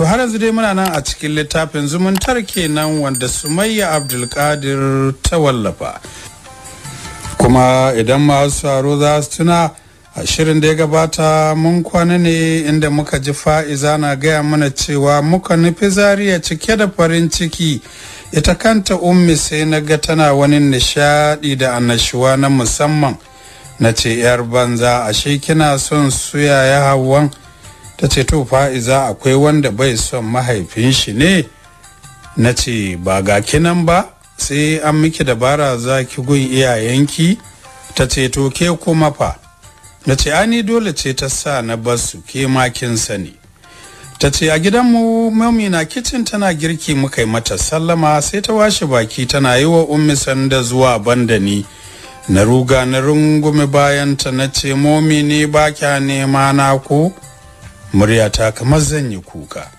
To har yanzu dai muna nan a cikin littafin zumuntar kenan wanda Sumayya Abdulkadir ta wallafa. Kuma idan masu haro za su tuna a shirin da ya gabata mun kwana ne inda muka ji fa'iza na gaya mana cewa muka nufi zariya cike da farin ciki ita kanta ummi sai na ga tana wani nishadi da annashuwa na musamman na ce 'yar banza ashe kina son suya ya hawan ta ce to fa'iza akwai wanda bai son mahaifin shi ne na ce ba ga kinan ba sai an miki dabara za ki gun iyayenki ta ce to ke kuma fa na ce ani dole ce ta sa na basu ke makin sani ta ce a gidanmu mami na kicin tana girki muka yi mata sallama sai ta washe baki tana yi wa ummi sanda zuwa banda ni na ruga na rungume bayanta na ce momi ne ba kya nema na ko muryata kamar zan yi kuka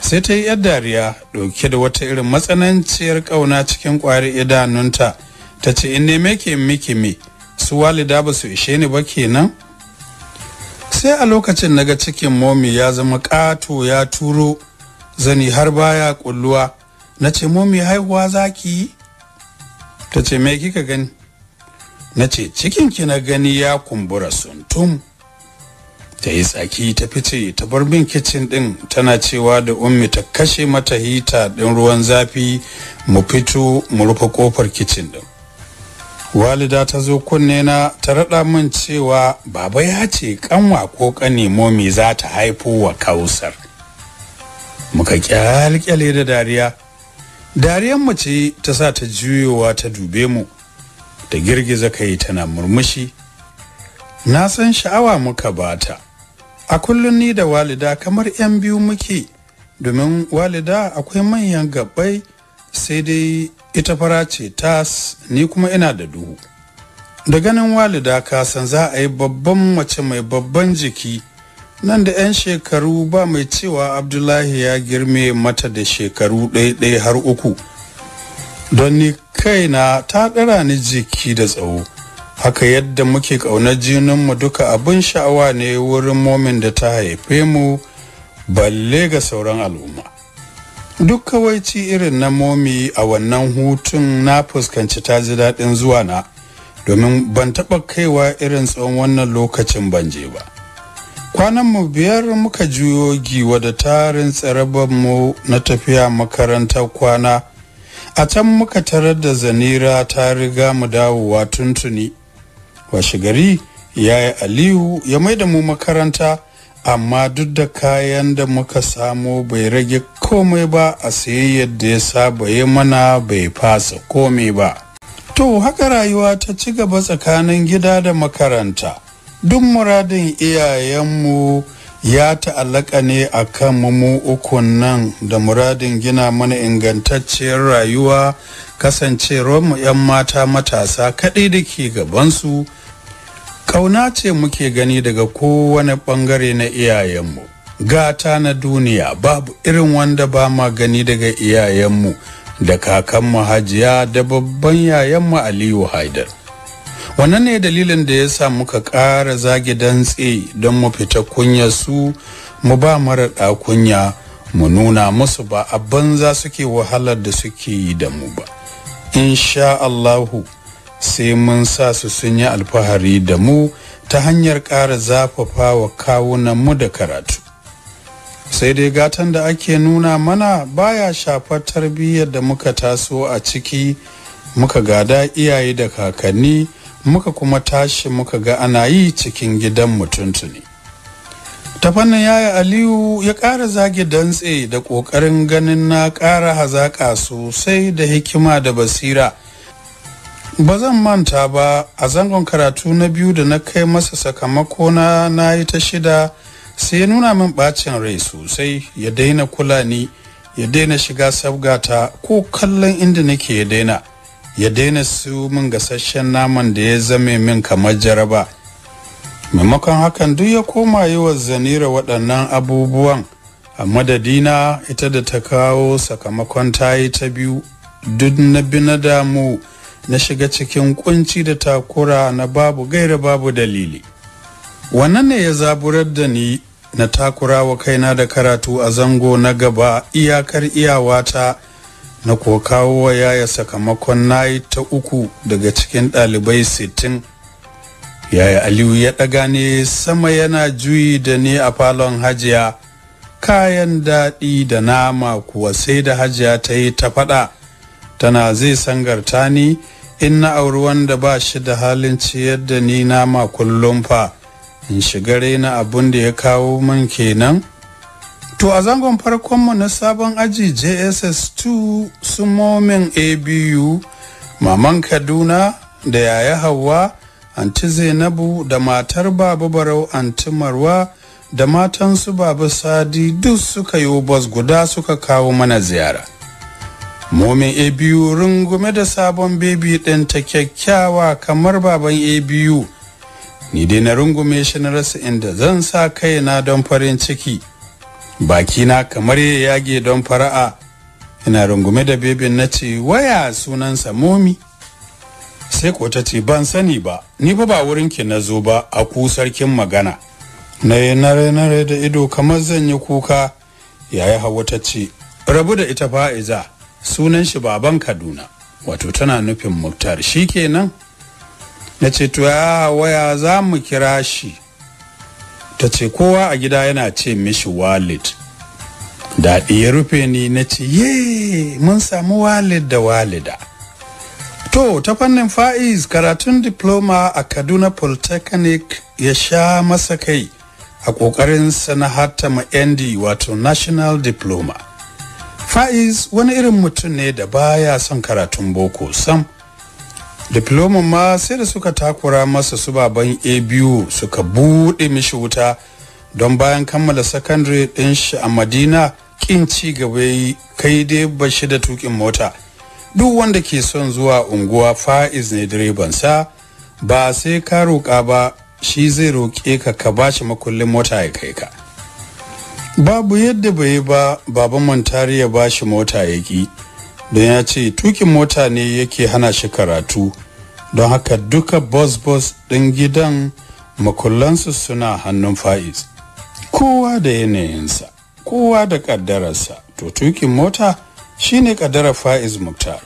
sai ta yi yar dariya ɗauke da wata irin matsananciyar ƙauna cikin ƙwari idanunta ta ce in neme ke miki me su walida ba su ishe ni ba kenan sai a lokacin naga cikin momi ya zama ƙato ya turo zani har baya kulluwa na ce momi haihuwa za ki yi ta ce me kika gani na ce cikinki na gani ya kumbura suntum ta yi tsaki ta fice ta bar bin kicin din tana cewa da ummi ta kashe mata hita din ruwan zafi mu fito mu rufe kofar kicin din walida ta zo kunne na ta rada min cewa baba ya ce kanwa ko kane momi za ta haifo wa kausar muka kyalkyale da dariya dariyar mace ta sa ta juyowa ta dube mu ta girgiza kai tana murmushi na san sha'awa muka bata a kullum ni da walida kamar 'yan biyu muke domin walida akwai manyan gabbai sai dai ita fara ce tas ni kuma ina da duhu da ganin walida ka san za a yi babban mace mai babban jiki nan da 'yan shekaru ba mai cewa abdullahi ya girme mata da shekaru ɗaiɗai har uku don ni kaina ta ɗara ni jiki da tsawo haka yadda muke ƙaunar mu duka abin sha'awa ne wurin momin da ta haife mu balle ga sauran al'umma duk kawaici irin na momi a wannan hutun na fuskanci ta ji daɗin zuwa na domin ban taɓa kaiwa irin tsawon wannan lokacin ban je ba kwanan mu biyar muka juyo giwa da tarin tsarabar mu na tafiya makarantar kwana a can muka tarar da zanira ta riga mu dawowa tuntuni washe gari yaya aliyu ya maida mu makaranta amma duk da kayan da muka samo bai rage komai ba a sayi yadda ya saba ya mana bai fasa komai ba to haka rayuwa ta ci gaba tsakanin gida da makaranta duk muradin iyayenmu ya ta'allaka ne a kan mu ukun nan da muradin gina mana ingantacciyar rayuwa mu 'yan mata matasa kaɗai da ke gabansu ƙauna ce muke gani daga kowane ɓangare na iyayenmu gata na duniya babu irin wanda ba ma gani daga iyayenmu da kakan mahajiya da babban yayanmu aliyu haidar wannan ne dalilin da ya sa muka ƙara zage dantse don mu fita kunya su mu ba mara kunya mu nuna musu ba a banza suke wahalar da suke yi da mu ba insha Allahu sai mun sa su sun yi alfahari da mu ta hanyar ƙara zafafa wa kawunan mu da karatu sai dai gatan da ake nuna mana baya shafar tarbiyyar da muka taso a ciki muka gada iyaye da kakanni muka kuma tashi muka ga ana yi cikin gidan mutuntuni ta fannin yaya aliyu ya ƙara zage dantse da ƙoƙarin ganin na ƙara hazaƙa sosai da hikima da basira ba zan manta ba a zangon karatu na biyu da na kai masa sakamako na na yi ta shida sai ya nuna min ɓacin rai sosai ya daina kula ni ya daina shiga sabgata ko kallon inda nake ya daina ya daina siyo min gasasshen naman da ya zame min kamar jaraba maimakon hakan duk ya koma yi wa zanira waɗannan abubuwan a madadina ita da ta kawo sakamakon tayi ta biyu duk na bi na damu na shiga cikin kunci da takura na babu gaira babu dalili wannan ne ya zaburar da ni na takura wa kaina da karatu a zango na gaba iyakar iyawata na kuwa kawo wa yaya sakamakon nayi ta uku daga cikin ɗalibai sittin yaya aliyu ya ɗaga ne sama yana juyi da ni a falon hajiya kayan daɗi da nama kuwa sai da hajiya ta yi ta faɗa tana zai sangarta ni in na auri wanda ba shi da halin ciyar da ni nama kullum fa in shiga na abun da ya kawo min kenan To a zangon farkon mu na sabon aji JSS2 su momin ABU, Maman Kaduna da yaya Hauwa, Anti Zainabu da matar Babu Barau Anti Marwa da matansu Babu Sadi duk suka yi bas guda suka kawo mana ziyara. Momin ABU rungume da sabon baby ɗin ta kyakkyawa kamar baban ABU. Ni dai na rungume shi na rasa inda zan sa kaina don farin ciki. bakina kamar ya yage don fara'a ina rungume da bebin na ce waya sunansa momi sai ko ta ce ban sani ba ni ba ba wurinki na zo ba a ku sarkin magana na yi nare nare da ido kamar zan yi kuka yayi hawa ta ce rabu da ita fa'iza sunan shi baban kaduna wato tana nufin muktar shi kenan na ce to ya waya za mu kira shi ta ce kowa a gida yana ce mishi walid daɗi ya rufe ni na ce ye mun samu walid da walida to ta fannin fa'iz karatun diploma a kaduna polytechnic ya sha masa kai a ƙoƙarinsa na hatama ND wato national diploma fa'iz wani irin mutum ne da baya son karatun boko sam diploman ma sai da suka takura masa su baban a biyu suka buɗe mishi wuta don bayan kammala sakandare ɗin shi a madina kin ci gaba yi kai dai ba shi da tukin mota duk wanda ke son zuwa unguwa fa'iz ne direbansa ba sai ka roƙa ba shi zai roƙe ka ka bashi makullin mota ya kai ka babu yadda bai ba baban mantari ya bashi mota ya ki don ya ce tukin mota ne yake hana shi karatu don haka duka bos bos ɗin gidan makullansu suna hannun fa'iz kowa da yanayinsa kowa da ƙaddararsa to tukin mota shine ƙaddarar fa'iz muktar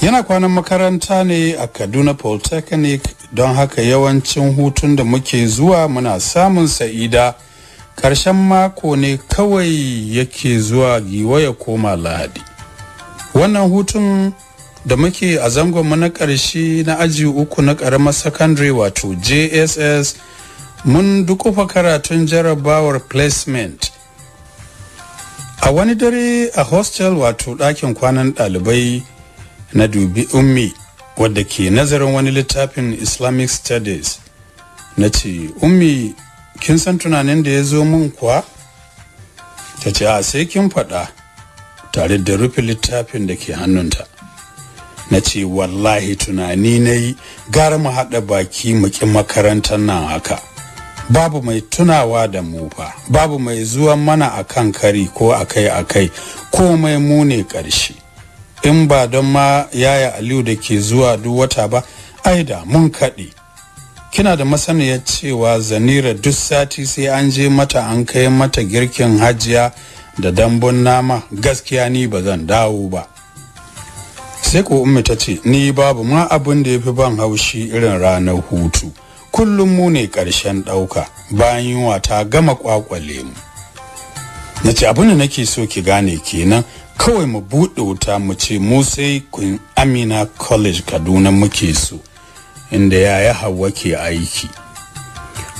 yana kwanan makaranta ne a kaduna polytechnic don haka yawancin hutun da muke zuwa muna samun sa'ida ƙarshen mako ne kawai yake zuwa giwa ya koma lahadi wannan hutun da muke a zangonmu na ƙarshe na aji uku na karamar secondary wato jss mun dukufa karatun jarabawar placement a wani dare a hostel wato ɗakin kwanan ɗalibai na dubi ummi wadda ke nazarin wani littafin islamic studies na ce ummi kin san tunanin da ya zo min kuwa ta ce a sai kin faɗa tare da rufe littafin da ke hannunta na ce wallahi tunani na yi gara mu haɗa baki mu makarantar nan haka babu mai tunawa da mu fa babu mai zuwa mana a kan kari ko a kai a kai komai mu ne ƙarshe in ba don ma yaya aliyu da ke zuwa duk wata ba ai da mun kaɗe kina da masaniyar cewa zanira duk sati sai an je mata an kai mata girkin hajiya da dambun nama gaskiya ni ba zan dawo ba sai ko ummi ta ce ni babu ma abin da ya fi ban haushi irin ranar hutu kullum mu ne ƙarshen ɗauka bayan yunwa ta gama ƙwaƙwale mu na ce abin da nake so ki gane kenan kawai mu buɗe wuta mu ce mu sai kun amina college kaduna muke so inda yaya hawa ke aiki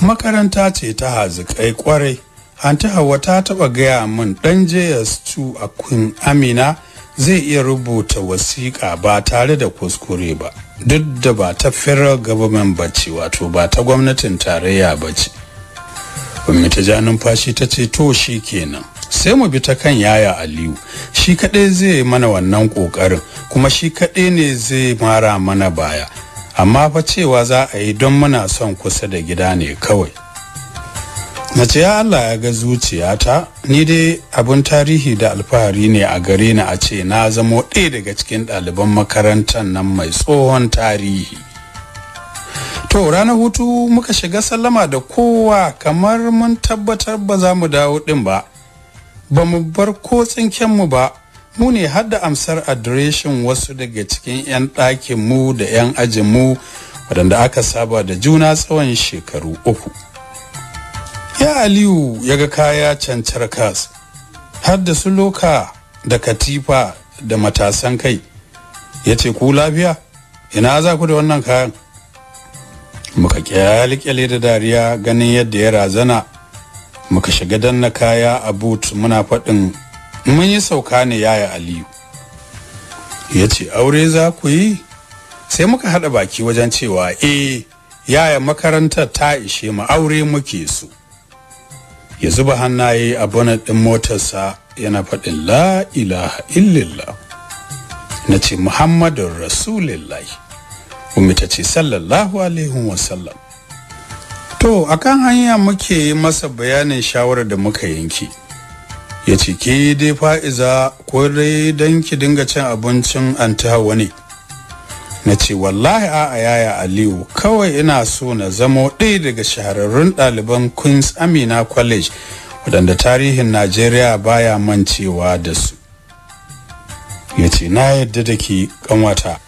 makaranta ce ta hazikai kwarai anti hawa ta taba gaya min dan js2 a queen amina zai iya rubuta wasiƙa ba tare da kuskure ba duk da ba ta federal government ba ce wato ba ta gwamnatin tarayya ba ce ummi ta ja numfashi ta ce to shi kenan sai mu bi ta kan yaya aliyu shi kaɗai zai mana wannan ƙoƙarin kuma shi kaɗai ne zai mara mana baya amma fa cewa za a yi don muna son kusa da gida ne kawai mace ya Allah ya ga zuciyata ni dai abun tarihi da alfahari ne a gare ni a ce na zamo ɗaya daga cikin ɗaliban makarantar nan mai tsohon tarihi to ranar hutu muka shiga sallama da kowa kamar mun tabbatar ba za mu dawo ɗin ba ba mu bar ko mu ba mu ne har da amsar adireshin wasu daga cikin 'yan ɗakin mu da 'yan ajin mu waɗanda aka saba da juna tsawon shekaru uku ya aliyu ya ga kaya cancar kas har da su loka da katifa da matasan kai ya ce ku lafiya ina za ku da wannan kayan muka kyalikyale da dariya ganin yadda ya razana muka shiga na kaya a boot muna faɗin mun yi sauka ne yaya aliyu ya ce aure za ku yi sai muka haɗa baki wajen cewa eh yaya makarantar ta ishe mu aure muke su ya zuba hannaye a bonnet din motarsa yana faɗin la ilaha illallah na ce muhammadun rasulillah ummi ta ce sallallahu alaihi wasallam to kan hanya muke yi masa bayanin shawarar da muka yanki ya ce ke dai fa'iza ko dai don ki dinga cin abincin an ne na ce wallahi a yaya aliyu kawai ina so na zamo ɗaya daga shahararrun ɗaliban queens amina college waɗanda tarihin najeriya baya mancewa da su ya ce na yadda da ke kanwata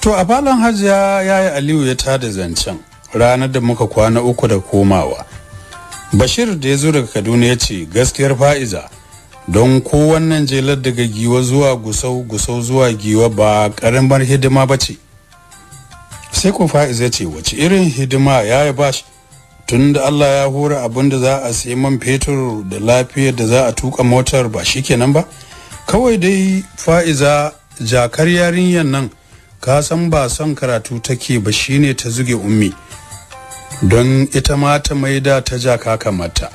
to a falon hajiya yaya aliyu ya tada zancen ranar da muka kwana uku da komawa bashir da ya zo daga kaduna ya ce gaskiyar fa'iza don koWannan wannan jelar daga giwa zuwa gusau gusau zuwa giwa ba karamar hidima ba ce sai ko fa'iz ya ce wace irin hidima ya yi bashi tun da Allah ya hura abin da za a sai man fetur da lafiyar da za a tuka motar ba shi kenan ba kawai dai fa'iza jakar yarinyar nan ka san ba son karatu take ba shine ta zuge ummi don ita ma ta maida ta jaka kamata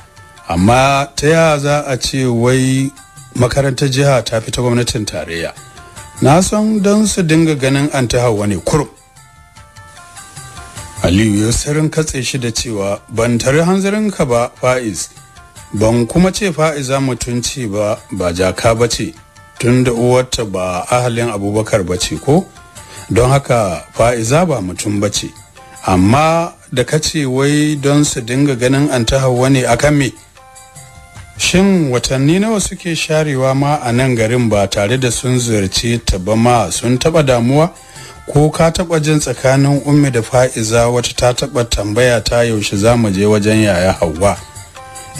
amma ta ya za a ce wai makarantar jiha ta fi ta gwamnatin tarayya na san don su dinga ganin an ta hawa ne kurum aliyu ya sarin katse shi da cewa ban tare ka ba fa'iz ban kuma ce fa'iza mutunci ba ba jaka ba ce tun da uwarta ba ahalin abubakar ba ce ko don haka fa'iza ba mutum ba ce amma da ka ce wai don su dinga ganin an ta hawa ne akan me shin watanni nawa suke sharewa ma a nan garin ba tare da sun ziyarci ta ba ma sun taba damuwa ko ka taba jin tsakanin ummi da fa'iza wata ta taba tambaya ta yaushe za mu je wajen yaya hawa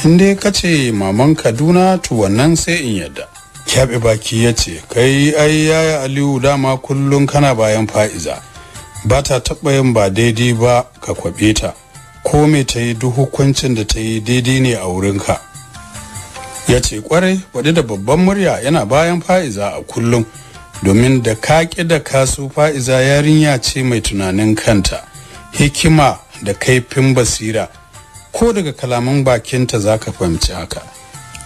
in dai ka ce maman kaduna to wannan sai in yadda kyaɓe baki ya ce kai ai yaya aliyu dama kullum kana bayan fa'iza ba ta taɓa yin ba daidai ba ka kwaɓe ta ko me ta yi duk hukuncin da ta yi daidai ne a wurinka ya ce kwarai wadda da babban murya yana bayan fa'iza a kullum domin da ka ƙida da kasu fa'iza yarinya ce mai tunanin kanta hikima da kaifin basira ko daga kalaman bakinta za ka fahimci haka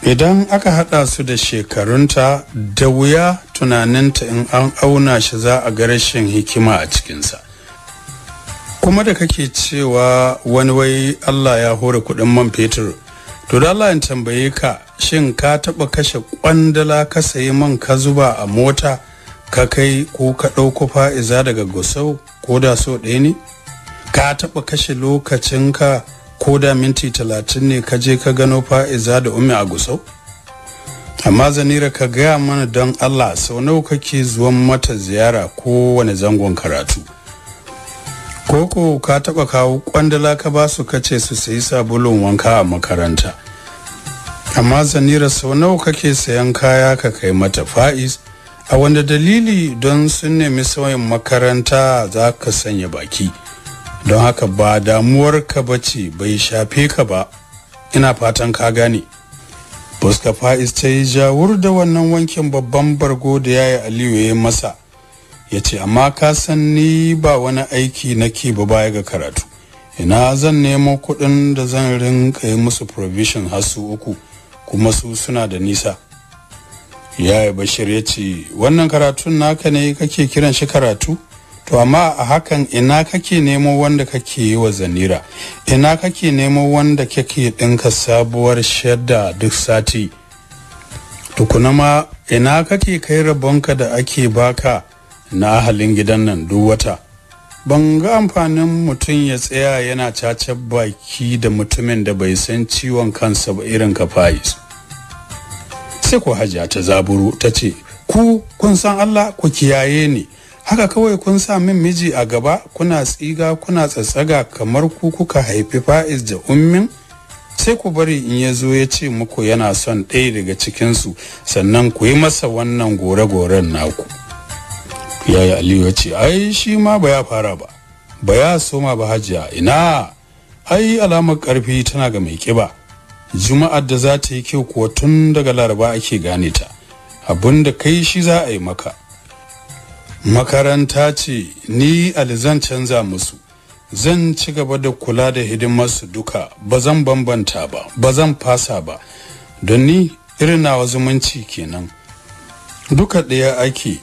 idan aka haɗa su da shekarunta da wuya tunaninta in an auna shi za a ga rashin hikima a cikinsa kuma da kake cewa wani wai allah ya hore kuɗin man fetur to da allah in tambaye ka shin ka taɓa kashe ƙwandala ka sayi man ka zuba a mota ka kai ko ka ɗauko fa'iza daga gusau ko da so ɗaya ne ka taɓa kashe lokacinka ko da minti talatin ne ka je ka gano fa'iza da umi a gusau amma zanira ka gaya mana don allah sau nawa kake zuwan mata ziyara ko wani zangon karatu koko ka taɓa kawo kwandala ka ba su kace su sayi sabulun wanka a makaranta amma zanira sau nawa kake sayan kaya ka kai mata fa'is a wanda dalili don sun nemi sauyin makaranta za ka sanya baki don haka ba damuwar ka bace bai shafe ka ba ina fatan ka gane fuska fa'is ta yi jawur da wannan wankin babban bargo da ya yi aliyu ya masa ya ce amma ka san ni ba wani aiki na ke ba baya ga karatu ina zan nemo kuɗin da zan rinka yi musu provision har uku kuma su suna da nisa yaya bashir ya ce wannan karatun naka ne kake kiran shi karatu to amma a hakan ina kake nemo wanda kake yi wa zanira ina kake nemo wanda kake ɗinka sabuwar shadda duk sati tukuna ma ina kake kai rabonka da ake baka na ahalin gidan nan duk wata ban ga amfanin mutum ya tsaya yana cacen baki da mutumin da bai san ciwon kansa ba irin ka fayis sai ku hajiya ta zaburu ta ce ku kun san Allah ku kiyaye ni haka kawai kun sa min miji a gaba kuna tsiga kuna tsatsaga kamar ku kuka haifi fa'iz da ummin sai ku bari in ya zo ya ce muku yana son ɗaya daga cikinsu sannan ku yi masa wannan gore-goren naku yaya aliyu ya ce ai shi ma ba ya fara ba ba ya soma ba hajiya ina ai alamar ƙarfi tana ga mai ƙiba juma'ar da za ta yi kyau kuwa tun daga laraba ake gane ta abin da kai shi za a yi maka makaranta ce ni alizan canza musu zan ci gaba da kula da hidimar su duka ba zan bambanta ba ba zan fasa ba don ni irin nawa zumunci kenan duka ɗaya ake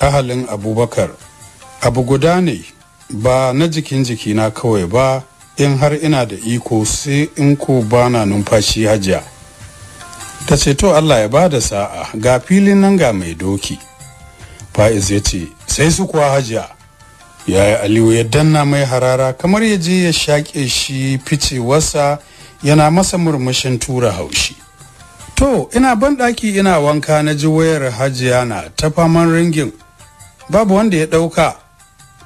ahalin abubakar abu guda ne ba na jikin jiki na kawai ba in har ina da iko sai in ko bana numfashi hajiya ta ce to allah ya bada sa'a ga filin nan ga mai doki fa'iz ya ce sai su kuwa hajiya Ya yi aliyu ya danna mai harara kamar ya je ya shaƙe shi ficewarsa yana masa murmushin tura haushi to ina banɗaki ina wanka na ji wayar hajiya na ta faman ringin babu wanda ya ɗauka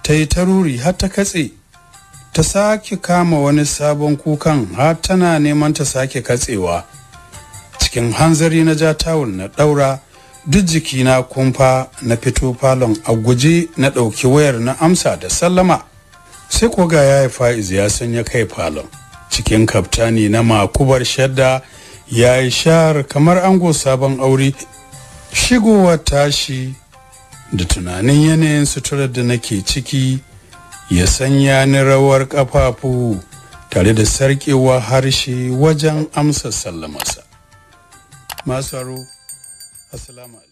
ta yi taruri har ta katse ta sake kama wani sabon kukan har tana neman ta sake katsewa cikin hanzari na ja tawul na daura duk jikina kumfa na fito falon a guje na ɗauki wayar na amsa da sallama sai ko ga yi fa'iz ya san ya kai falon cikin kaftani na makubar shadda ya yi shahar kamar ango sabon aure shigowa tashi da tunanin yanayin suturar da nake ciki ya sanya ni rawar ƙafafu tare da sarkewa harshe wajen amsa sallamarsa. Masaru, Assalamu